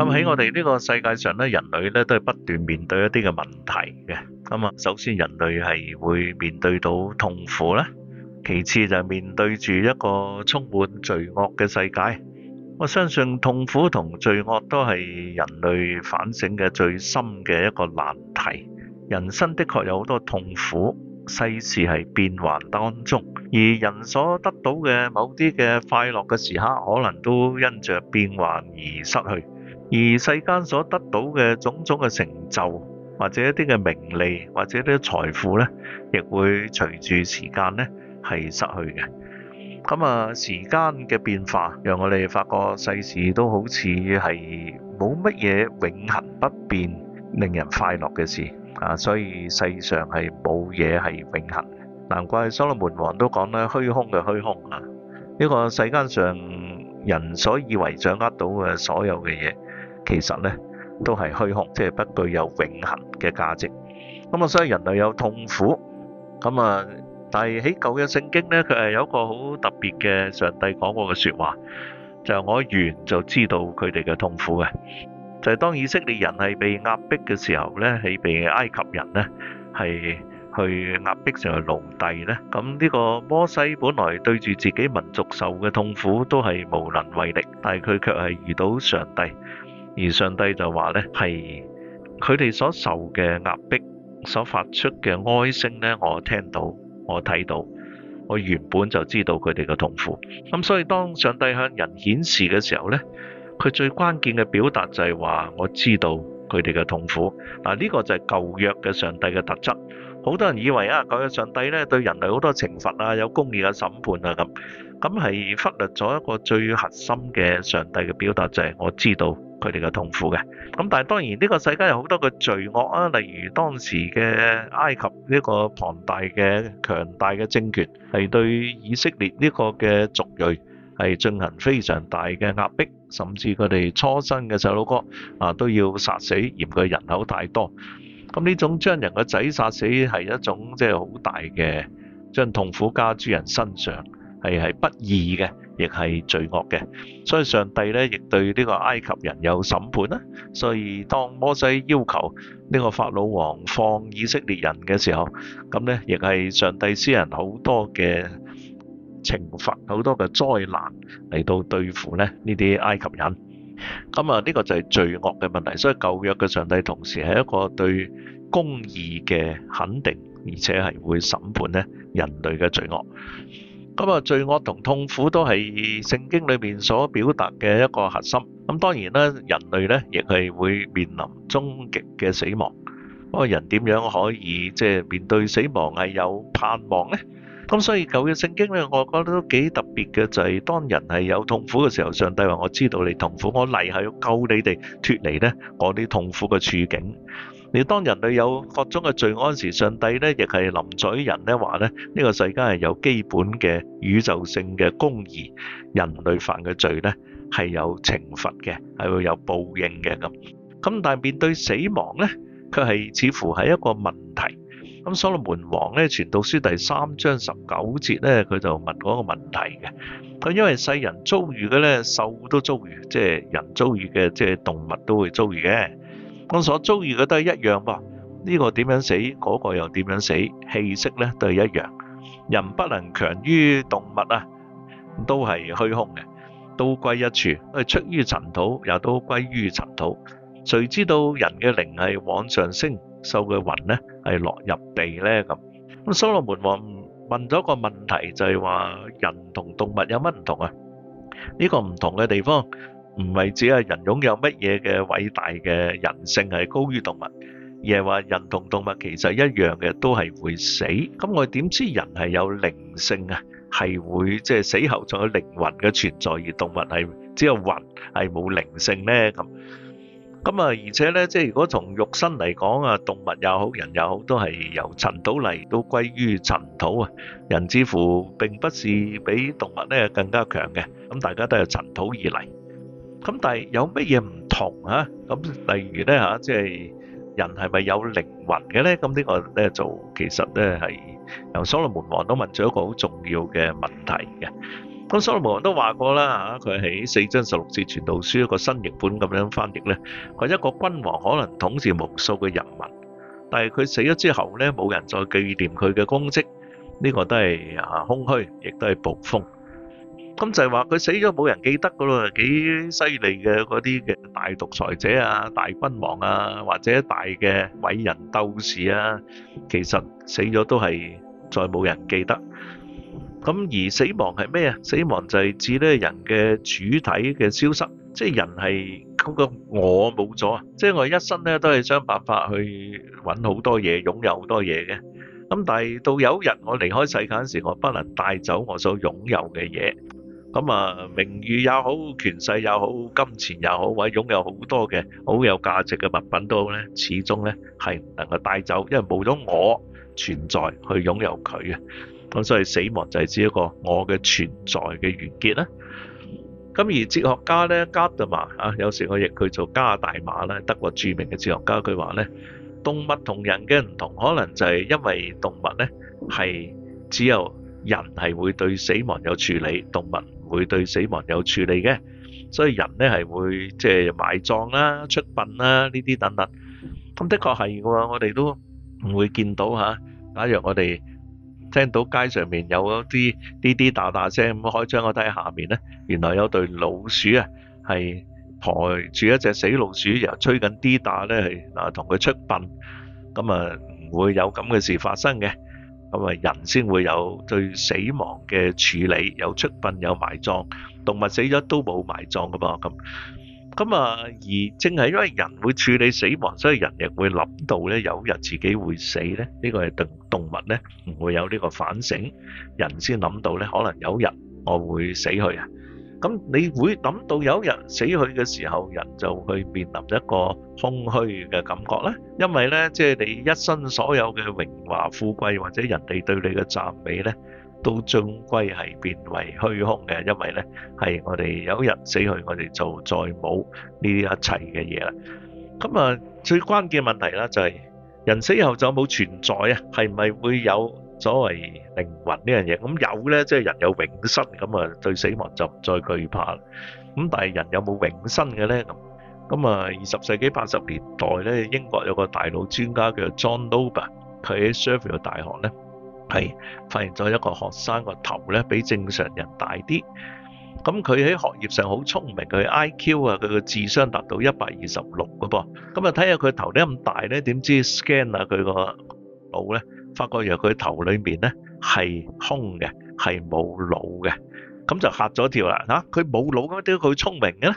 咁喺我哋呢個世界上咧，人類咧都係不斷面對一啲嘅問題嘅。咁啊，首先人類係會面對到痛苦啦，其次就係面對住一個充滿罪惡嘅世界。我相信痛苦同罪惡都係人類反省嘅最深嘅一個難題。人生的確有好多痛苦，世事係變幻當中，而人所得到嘅某啲嘅快樂嘅時刻，可能都因著變幻而失去。而世間所得到嘅種種嘅成就，或者一啲嘅名利，或者啲財富呢，亦會隨住時間呢係失去嘅。咁啊，時間嘅變化，讓我哋發覺世事都好似係冇乜嘢永恆不變，令人快樂嘅事啊，所以世上係冇嘢係永恆。難怪所羅門王都講咧，虛空嘅虛空啊，呢個世間上人所以為掌握到嘅所有嘅嘢，其實咧都係虛空，即係不具有永恆嘅價值。咁啊，所以人類有痛苦。咁啊，但係喺舊嘅聖經咧，佢係有一個好特別嘅上帝講過嘅説話，就係我一完就知道佢哋嘅痛苦嘅。就係當以色列人係被壓迫嘅時候咧，係被埃及人咧係去壓迫成為奴隸咧。咁呢個摩西本來對住自己民族受嘅痛苦都係無能為力，但係佢卻係遇到上帝。而上帝就話咧，係佢哋所受嘅壓迫，所發出嘅哀聲咧，我聽到，我睇到，我原本就知道佢哋嘅痛苦。咁所以當上帝向人顯示嘅時候咧，佢最關鍵嘅表達就係話，我知道佢哋嘅痛苦。嗱，呢個就係舊約嘅上帝嘅特質。好多人以為啊，嗰個上帝咧，對人類好多懲罰啊，有公義嘅審判啊咁，咁係忽略咗一個最核心嘅上帝嘅表達，就係我知道佢哋嘅痛苦嘅。咁但係當然呢個世界有好多嘅罪惡啊，例如當時嘅埃及呢個龐大嘅強大嘅政權係對以色列呢個嘅族裔係進行非常大嘅壓迫，甚至佢哋初生嘅細路哥啊都要殺死，嫌佢人口太多。咁呢種將人個仔殺死係一種即係好大嘅，將痛苦加諸人身上係係不義嘅，亦係罪惡嘅。所以上帝咧亦對呢個埃及人有審判啦。所以當摩西要求呢個法老王放以色列人嘅時候，咁咧亦係上帝施人好多嘅懲罰，好多嘅災難嚟到對付咧呢啲埃及人。咁啊，呢個就係罪惡嘅問題，所以舊約嘅上帝同時係一個對公義嘅肯定，而且係會審判咧人類嘅罪惡。咁啊，罪惡同痛苦都係聖經裏面所表達嘅一個核心。咁當然啦，人類咧亦係會面臨終極嘅死亡。咁啊，人點樣可以即係、就是、面對死亡係有盼望呢？咁所以舊嘅聖經咧，我覺得都幾特別嘅，就係當人係有痛苦嘅時候，上帝話：我知道你痛苦，我嚟係要救你哋脫離咧我啲痛苦嘅處境。而當人類有各種嘅罪案時，上帝咧亦係臨在人咧話咧，呢個世界係有基本嘅宇宙性嘅公義，人類犯嘅罪咧係有懲罰嘅，係會有報應嘅咁。咁但係面對死亡咧，佢係似乎係一個問題。咁所羅門王咧，呢《傳道書》第三章十九節咧，佢就問嗰個問題嘅。佢因為世人遭遇嘅咧，獸都遭遇，即係人遭遇嘅，即係動物都會遭遇嘅。咁所遭遇嘅都係一樣噃。呢、這個點樣死？嗰、那個又點樣死？氣息咧都係一樣。人不能強於動物啊，都係虛空嘅，都歸一處，都係出於塵土，又都歸於塵土。誰知道人嘅靈係往上升，獸嘅魂咧？係落入地咧，咁，咁所羅門話問咗個問題，就係話人同動物有乜唔同啊？呢個唔同嘅地方唔係只係人擁有乜嘢嘅偉大嘅人性係高於動物，而係話人同動物其實一樣嘅，都係會死。咁我點知人係有靈性啊？係會即係死後仲有靈魂嘅存在，而動物係只有魂，係冇靈性咧咁。咁啊，而且咧，即係如果從肉身嚟講啊，動物又好，人又好，都係由塵土嚟，都歸於塵土啊。人似乎並不是比動物咧更加強嘅，咁大家都係塵土而嚟。咁但係有乜嘢唔同啊？咁例如咧，吓即係人係咪有靈魂嘅咧？咁呢個咧就其實咧係由所羅門王都問咗一個好重要嘅問題嘅。咁所羅門王都話過啦嚇，佢喺四章十六節傳道書一個新譯本咁樣翻譯咧，佢一個君王可能統治無數嘅人民，但係佢死咗之後咧，冇人再紀念佢嘅功績，呢個都係啊空虛，亦都係暴風。咁就係話佢死咗冇人記得噶咯，幾犀利嘅嗰啲嘅大獨裁者啊、大君王啊，或者大嘅偉人鬥士啊，其實死咗都係再冇人記得。咁而死亡係咩啊？死亡就係指咧人嘅主體嘅消失，即係人係嗰個我冇咗啊！即係我一生咧都係想辦法去搵好多嘢，擁有好多嘢嘅。咁但係到有一日我離開世界嗰陣時，我不能帶走我所擁有嘅嘢。咁啊，名譽也好，權勢也好，金錢也好，或者擁有好多嘅好有價值嘅物品都好咧，始終咧係唔能夠帶走，因為冇咗我存在去擁有佢啊。咁所以死亡就係指一個我嘅存在嘅完結啦。咁而哲學家咧，加大馬啊，有時我譯佢做加大馬咧，德國著名嘅哲學家，佢話咧，動物同人嘅唔同，可能就係因為動物咧係只有人係會對死亡有處理，動物唔會對死亡有處理嘅。所以人咧係會即係埋葬啦、出殯啦呢啲等等。咁的確係嘅喎，我哋都唔會見到吓。假如我哋聽到街上面有嗰啲滴滴答答聲咁，開窗我睇下面咧，原來有一對老鼠啊，係抬住一隻死老鼠，然後吹緊滴答咧，係嗱同佢出殯。咁啊唔會有咁嘅事發生嘅，咁啊人先會有對死亡嘅處理，有出殯、有埋葬，動物死咗都冇埋葬噶噃咁。那咁啊，而正係因為人會處理死亡，所以人亦會諗到咧，有日自己會死咧。呢個係動物咧唔會有呢個反省，人先諗到咧，可能有日我會死去啊。咁你會諗到有日死去嘅時候，人就會面臨一個空虛嘅感覺咧，因為咧，即係你一生所有嘅榮華富貴或者人哋對你嘅讚美咧。都終歸係變為虛空嘅，因為咧係我哋有人死去，我哋就再冇呢啲一切嘅嘢啦。咁啊，最關鍵問題啦就係人死後就冇存在啊，係咪會有所謂靈魂呢樣嘢？咁有咧，即係人有永生，咁啊對死亡就唔再懼怕。咁但係人有冇永生嘅咧？咁啊，二十世紀八十年代咧，英國有個大腦專家叫做 John Lorber，佢喺 Sheffield 嘅大學咧。係，發現咗一個學生個頭咧，比正常人大啲。咁佢喺學業上好聰明，佢 IQ 啊，佢個智商達到一百二十六個噃。咁啊，睇下佢個頭點解咁大咧？點知 scan 下佢個腦咧，發覺原來佢頭裏面咧係空嘅，係冇腦嘅。咁就嚇咗一跳啦嚇！佢冇腦咁點解佢聰明嘅咧？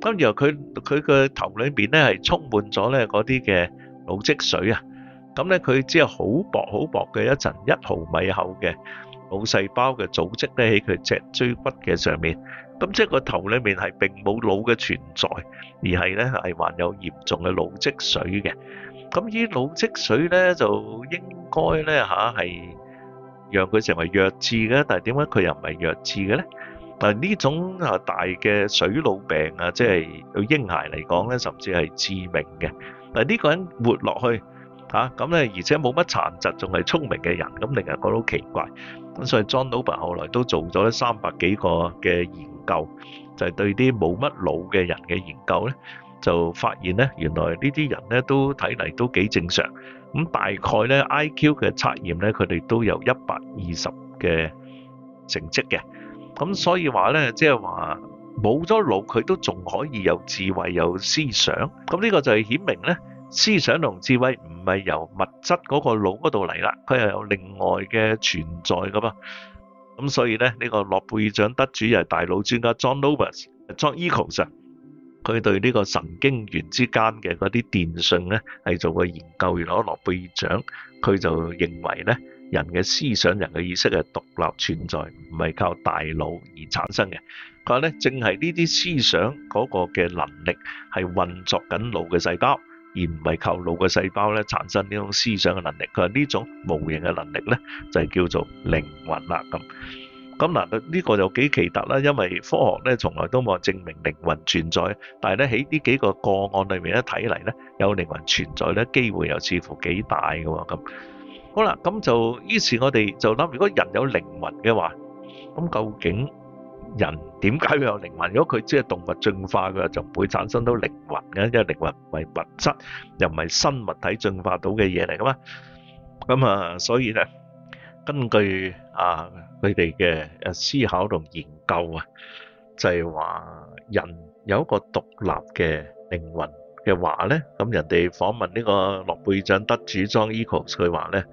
咁然後佢佢個頭裏面咧係充滿咗咧嗰啲嘅腦積水啊！咁咧，佢只係好薄、好薄嘅一層一毫米厚嘅腦細胞嘅組織咧，喺佢脊椎骨嘅上面。咁即係個頭裏面係並冇腦嘅存在，而係咧係患有嚴重嘅腦積水嘅。咁呢腦積水咧就應該咧嚇係讓佢成為弱智嘅，但係點解佢又唔係弱智嘅咧？但係呢種啊大嘅水腦病啊，即係對嬰孩嚟講咧，甚至係致命嘅。但係呢個人活落去。嚇咁咧，而且冇乜殘疾，仲係聰明嘅人，咁令人覺得好奇怪。咁所以，John Lorber 後來都做咗三百幾個嘅研究，就係對啲冇乜腦嘅人嘅研究咧，就發現咧，原來呢啲人咧都睇嚟都幾正常。咁大概咧 IQ 嘅測驗咧，佢哋都有一百二十嘅成績嘅。咁所以話咧，即係話冇咗腦，佢都仲可以有智慧、有思想。咁呢個就係顯明咧。思想同智慧唔係由物質嗰個腦嗰度嚟啦，佢係有另外嘅存在㗎噃。咁所以咧，呢個諾貝爾獎得主又係大腦專家 John Novos John Eccles，佢對呢個神經元之間嘅嗰啲電訊咧係做過研究，攞咗諾貝爾獎。佢就認為咧，人嘅思想、人嘅意識係獨立存在，唔係靠大腦而產生嘅。佢話咧，正係呢啲思想嗰個嘅能力係運作緊腦嘅細胞。而唔係靠腦嘅細胞咧產生呢種思想嘅能力，佢話呢種無形嘅能力咧就係叫做靈魂啦咁。咁嗱，對呢個就幾奇特啦，因為科學咧從來都冇證明靈魂存在，但係咧喺呢幾個個案裏面咧睇嚟咧有靈魂存在咧機會又似乎幾大嘅喎咁。好啦，咁就於是我哋就諗，如果人有靈魂嘅話，咁究竟？人點解會有靈魂？如果佢即係動物進化嘅，就唔會產生到靈魂嘅，因為靈魂唔係物質，又唔係生物體進化到嘅嘢嚟。咁啊，咁啊，所以咧，根據啊佢哋嘅誒思考同研究啊，就係話人有一個獨立嘅靈魂嘅話咧，咁人哋訪問呢個諾貝爾獎得主莊 Eco 佢話咧。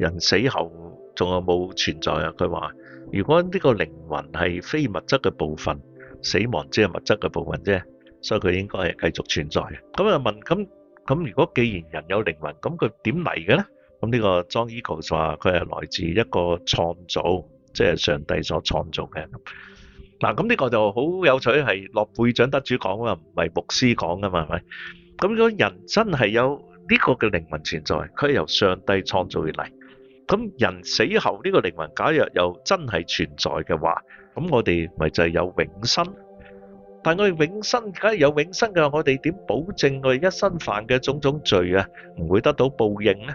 人死後仲有冇存在啊？佢話：如果呢個靈魂係非物質嘅部分，死亡只係物質嘅部分啫，所以佢應該係繼續存在嘅。咁啊問咁咁，如果既然人有靈魂，咁佢點嚟嘅咧？咁呢個 John Eccles 就話：佢係來自一個創造，即係上帝所創造嘅。嗱咁呢個就好有趣，係諾貝爾獎得主講啊，唔係牧師講㗎嘛，係咪？咁如果人真係有呢個嘅靈魂存在，佢由上帝創造嚟。咁人死後呢個靈魂，假若有真係存在嘅話，咁我哋咪就係有永生。但係我哋永生，假如有永生嘅話，我哋點保證我哋一生犯嘅種種罪啊，唔會得到報應呢？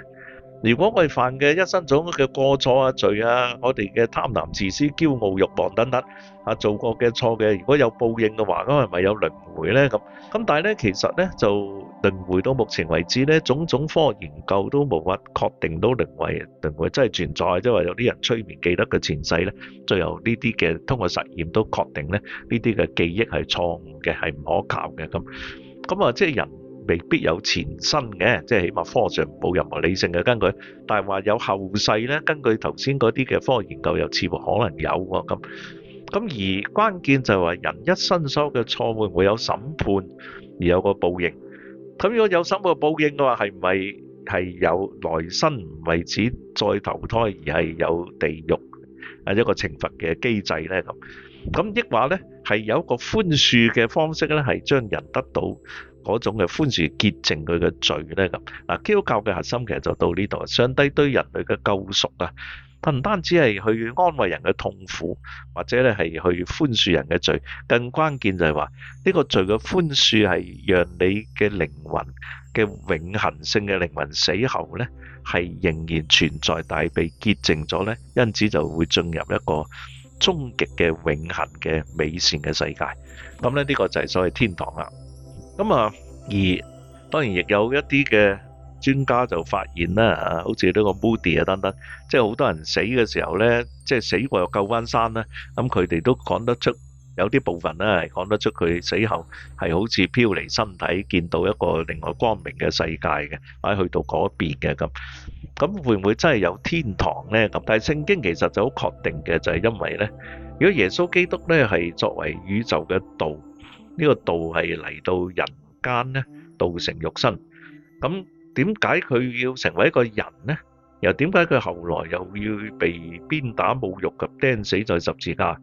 如果我哋犯嘅一生種嘅過錯啊、罪啊，我哋嘅貪婪、自私、驕傲、慾望等等啊，做過嘅錯嘅，如果有報應嘅話，咁係咪有輪迴咧？咁咁但係咧，其實咧就輪迴到目前為止咧，種種科學研究都無法確定到輪迴輪迴真係存在，即係話有啲人催眠記得嘅前世咧，最後呢啲嘅通過實驗都確定咧，呢啲嘅記憶係錯誤嘅，係唔可靠嘅。咁咁啊，即係人。未必有前身嘅，即係起碼科學上冇任何理性嘅根據，但係話有後世咧，根據頭先嗰啲嘅科學研究，又似乎可能有喎。咁咁而關鍵就係話，人一生所有嘅錯會唔會有審判而有個報應，咁如果有審判的報應嘅話，係唔係係有來生唔為只再投胎，而係有地獄啊一個懲罰嘅機制咧？咁咁亦話咧，係有一個寬恕嘅方式咧，係將人得到。嗰種嘅寬恕潔淨佢嘅罪呢？咁啊，基督教嘅核心其實就到呢度。上帝對人類嘅救贖啊，唔單止係去安慰人嘅痛苦，或者咧係去寬恕人嘅罪，更關鍵就係話呢個罪嘅寬恕係讓你嘅靈魂嘅永恆性嘅靈魂，死後呢，係仍然存在，但係被潔淨咗呢，因此就會進入一個終極嘅永恆嘅美善嘅世界。咁咧呢、呢個就係所謂天堂啦。咁啊，而當然亦有一啲嘅專家就發現啦，啊，好似呢個 Moody 啊等等，即係好多人死嘅時候咧，即係死過又救翻生啦。咁佢哋都講得出，有啲部分咧係講得出佢死後係好似漂離身體，見到一個另外光明嘅世界嘅，或者去到嗰邊嘅咁。咁會唔會真係有天堂咧？咁但係聖經其實就好確定嘅，就係因為咧，如果耶穌基督咧係作為宇宙嘅道。呢個道係嚟到人間咧，道成肉身。咁點解佢要成為一個人咧？又點解佢後來又要被鞭打侮辱嘅釘死在十字架？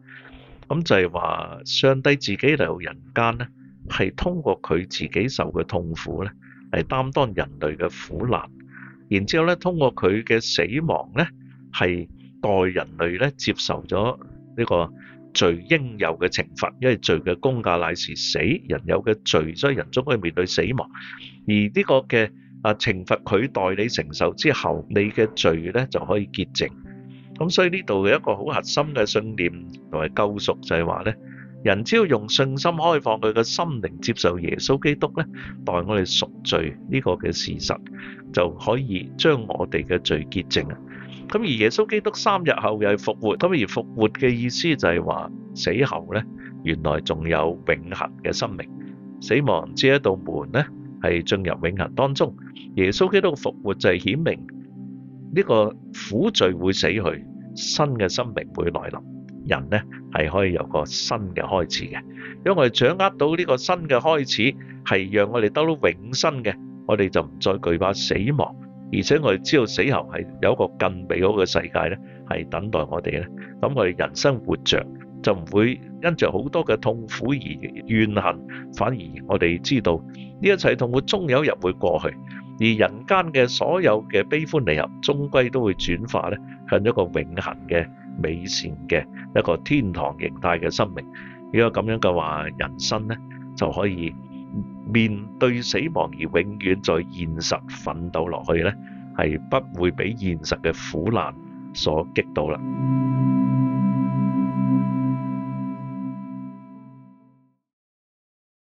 咁就係話上帝自己嚟到人間咧，係通過佢自己受嘅痛苦咧，係擔當人類嘅苦難。然之後咧，通過佢嘅死亡咧，係代人類咧接受咗呢個。罪應有嘅懲罰，因為罪嘅公價乃是死。人有嘅罪，所以人總可以面對死亡。而呢個嘅啊懲罰，佢代你承受之後，你嘅罪呢就可以潔淨。咁所以呢度嘅一個好核心嘅信念同埋救贖，就係話呢，人只要用信心開放佢嘅心靈，接受耶穌基督呢，代我哋贖罪呢個嘅事實，就可以將我哋嘅罪潔淨啊！咁而耶穌基督三日後又係復活，咁而復活嘅意思就係話死後咧，原來仲有永恆嘅生命，死亡只一道門咧，係進入永恆當中。耶穌基督復活就係顯明呢個苦罪會死去，新嘅生命會來臨，人咧係可以有個新嘅開始嘅。因為掌握到呢個新嘅開始係讓我哋得到永生嘅，我哋就唔再懼怕死亡。而且我哋知道死後係有一個更美好嘅世界咧，係等待我哋咧。咁我哋人生活着就唔會因着好多嘅痛苦而怨恨，反而我哋知道呢一切痛苦終有一日會過去，而人間嘅所有嘅悲歡離合，終歸都會轉化咧向一個永恒嘅美善嘅一個天堂形態嘅生命。如果咁樣嘅話，人生咧就可以。面對死亡，而永遠在現實奮鬥落去呢，係不會俾現實嘅苦難所擊倒啦。